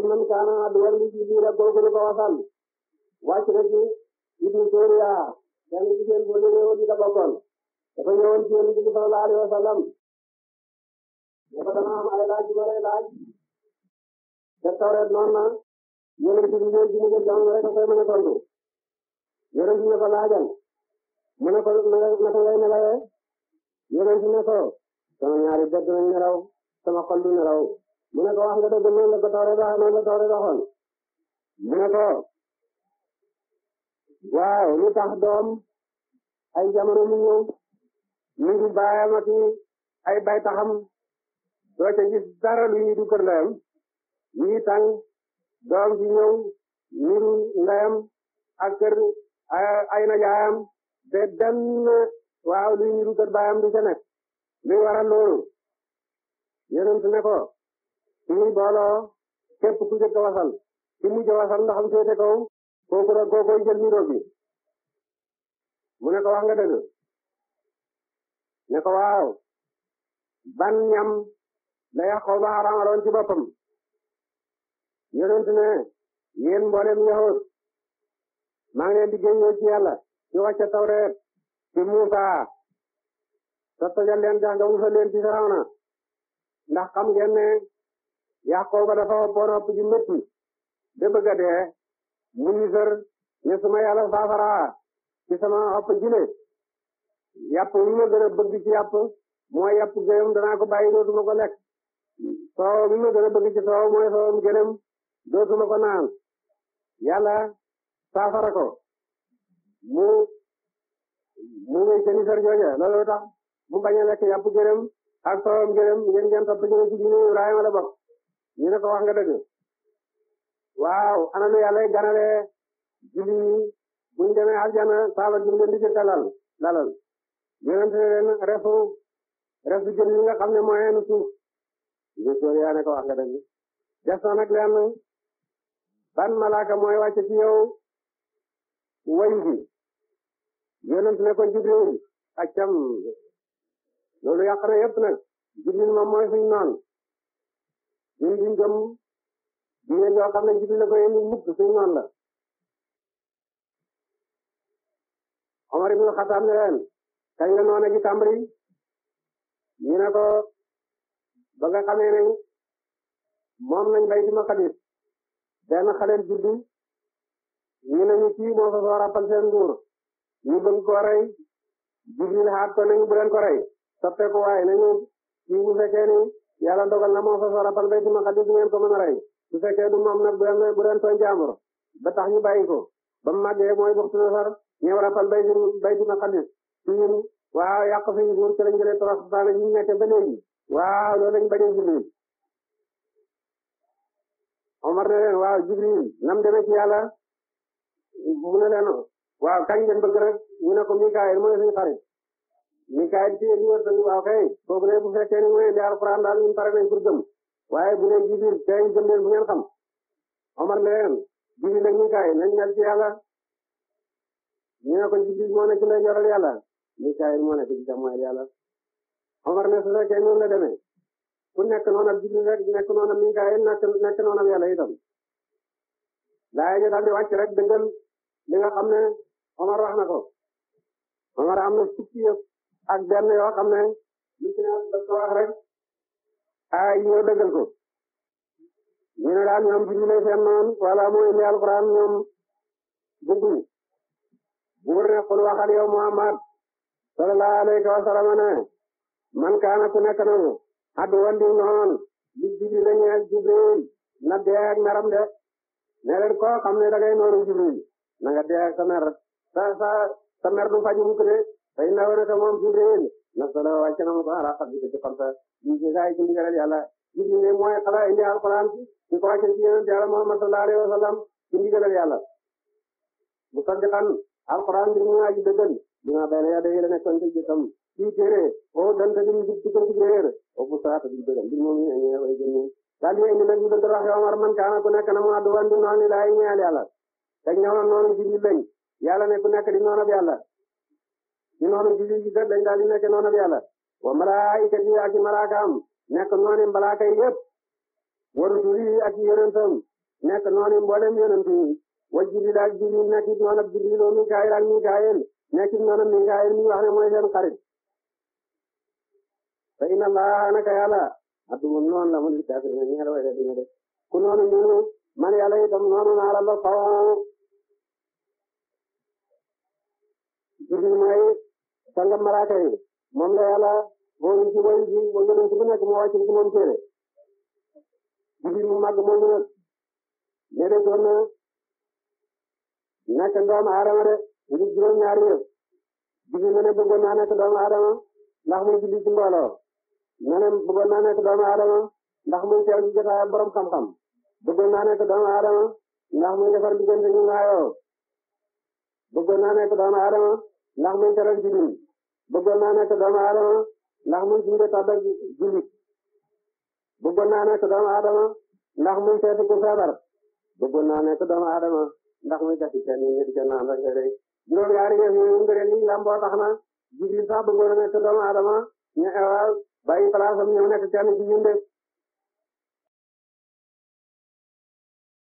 pour kaana aduwal li ci biir ak na ci ibnu Suriya kenn ci seen boo déggee woon nga bokkoon dafa ñëwoon ci yonent bi sallallahu alayhi wa sallam ne ko dama am ay laaj yu ma noon na yonent bi ñëw ci mu jëm jamono rek ne ko laajal mu ne ko naka ngay nelawee yonent ne ko sama ñaari bët dinañ nelaw mu ne ko wax nga waaw lu tax doom ay jamono mu ñëw ñu ngi bàyyamati ay bay taxam doo ca gis dara lu ñuy du kër ndeyam ñu ngi doom ji ñëw niru ndeyam ak ay na jaayam te dem waaw luy niru kër baayam du ca nekk luy loolu yonent ne ko ñuy booloo képp ku jëkk a wasal ci mujj a wasal ndax am féete kaw kooku nag kookoy jël niróo bi mu ne ko wax nga dëgg ne ko waaw ban ñam la yàqoo ba xaraamaloon ci boppam yonent ne yéen mboolem yahut maa ngi leen di génnee ci yàlla ci wàcce tawreet ci Muusa sa tojal leen jax nga musal leen ci Firawna ndax xam ngeen ne Yaakooba dafa woppoo nopp ji métti de bëgg dee mu ngi sër ne suma yàlla saafara ci sama opp jile yàpp mi ma gën a bëgg ci yàpp mooy yàpp gëlëm danaa ko bàyyi dootuma ko lekk soow mi ma gën a bëgg ci soow mooy soowam gëlëm dootuma ko naan yàlla saafara ko mu mu ngay seni sër jooja loolu tax mu bañ a lekk yàpp gëlëm ak soowam gëlëm ngeen ngeen topp ci diine Ibrahima la bokk ñu ko wax nga dëgg waaw anam yàlla ganale julli ñi buñ demee aljana saaba jum leen di jëkk dalal dalal refu refu jën nga xam ne moyeenu suuf gisóor yaa ne ko wax nga dëgg def nag leen ban malaaka mooy wàcce ci yow wayu ko jibril accam loolu yàq na yëpp nag jibril moom mooy suñ noonu ñun duñ gëm diine ñoo xam ne jibi la ko indi mukk suñ noonu la Omar ibn Khattab ne leen kañ la noona ji tàmbali ñu ne ko ba nga xamee ne moom lañ bayti maqadis benn xaleel juddu ñu ne ñu kii moo fa soo rappal seen nguur ñu bëgg ko rey Jibril xaat ko nañu bu leen ko rey soppe ko waaye nañu kii bu fekkee ni yàlla ndogal na moo fa soratal baytul maqdis ngeen ko mën a rey su fekkee du moom nag bu leen bu leen tooñ jàmbur ba tax ñu bàyyi ko ba mu màggee mooy buxtu nasar ñëw ratal baytul baytul maqdis ñun waaw yàq fi nguur ci lañ jëlee torox baana ñu nekk ba léegi waaw loolu lañ bañ a jibril Omar ne leen waaw jibril nam demee ci yàlla bu ne leen waaw kañ ngeen bëgg rek ñu ne ko Mikaayil mooy suñu xarit ñu kaay ci li wër sëñ waaw kay foofu ne bu fekkee ne wéy daal ñun pare nañ pour gëm waaye bu dee jibir bu ngeen xam Omar leen jibir nag ñu kaay nañ ne ko jibir moo nekk lay yoral yàlla ñu Omar ne su fekkee noonu la demee nekk noonu ak rek nekk noonu ak ñu kaay nekk nekk noonu ak yàlla itam laay ñu daal di rek dëggal li nga ne Omar wax na ko Omar am na fukki yëpp ak benn yoo xam ne lu ci naan daf ko wax rek ay ñoo ko ñu ne daal ñoom ci ñu lay seen ne xul waxal yow Muhammad sallallahu alayhi wa man kaana ku nekk nagu addu wandi noon li jibri la ñeel jibril na dee ak meram de ne leen xam ne dangay nooru jibril na nga dee ak sa sa sa sa mer du faju mukk de tey na woon naka moom Jibril na solo wàcc na mu ko ala xam ci xam sa di jaay ci ndigalal yàlla Jibril mooy xala indi di ko wàcce ci yonent yàlla Muhammad sallallahu alayhi wa ci ndigalal yàlla bu saddiqan alquran bi mu aji dëggal bi ma bay na yaa day la nekkoon ci jëkkam ci téere o danta dim ci kër ci réer o bu saata di dëggal bi moom ñu ñëw ay jëmm daal di indi nag ñu dëgg wax yow Omar man kaana ku nekk na mu addu wan di noonu laay ñeel yàlla teg ñëwoon noonu Jibril lañ yàlla ne ku nekk di noonu yàlla ci noonu jullit yi dañ daal di nekk noonu yàlla wa malaayikati ak ci malaakaam nekk noonu malaaka yi yëpp wa rusuli yi ak ci yonentam nekk noonu mboolem yonent yi wa jibril ak jibril nekk it noonu jibril wa mikaayil ak mikaayil nekk it noonu mikaayil mi wax ne mooy seen xarit la mun kafirina ñeel way di ñu de ku noonu ñunu man yàlla itam noonu naa la ba faw jibril sangam maraaka yi moom la yàlla boobu ci boobu ci moom yonent bu nekk moo wàcc ci moom téere jibir mu màgg moo ñu nag léegi doon na nekk doomu aadama de ñu juróom ñaari yëpp jibir mu ne bëggoon naa nekk doomu aadama ndax muy julli ci mbooloo mu ne bëggoon naa nekk doomu aadama ndax muy teew ci jotaay borom xam-xam bëggoon naa nekk doomu aadama ndax muy defar diggante ñu ngaayoo bëggoon naa nekk doomu aadama ndax muy teral jibir bëggoon naa nekk doomu aadama ndax muy suñu tàbbal jullit bëggoon naa nekk doomu aadama ndax muy seeti ku feebar bëggoon naa nekk doomu aadama ndax muy gasi seen yi ñu di seen naan rek rek juróom yaari yëf yi ngëneel yi lamboo tax na jullit sax bëggoon na nekk doomu aadama ñu xewal bàyyi place am ñëw nekk kenn ci ñun de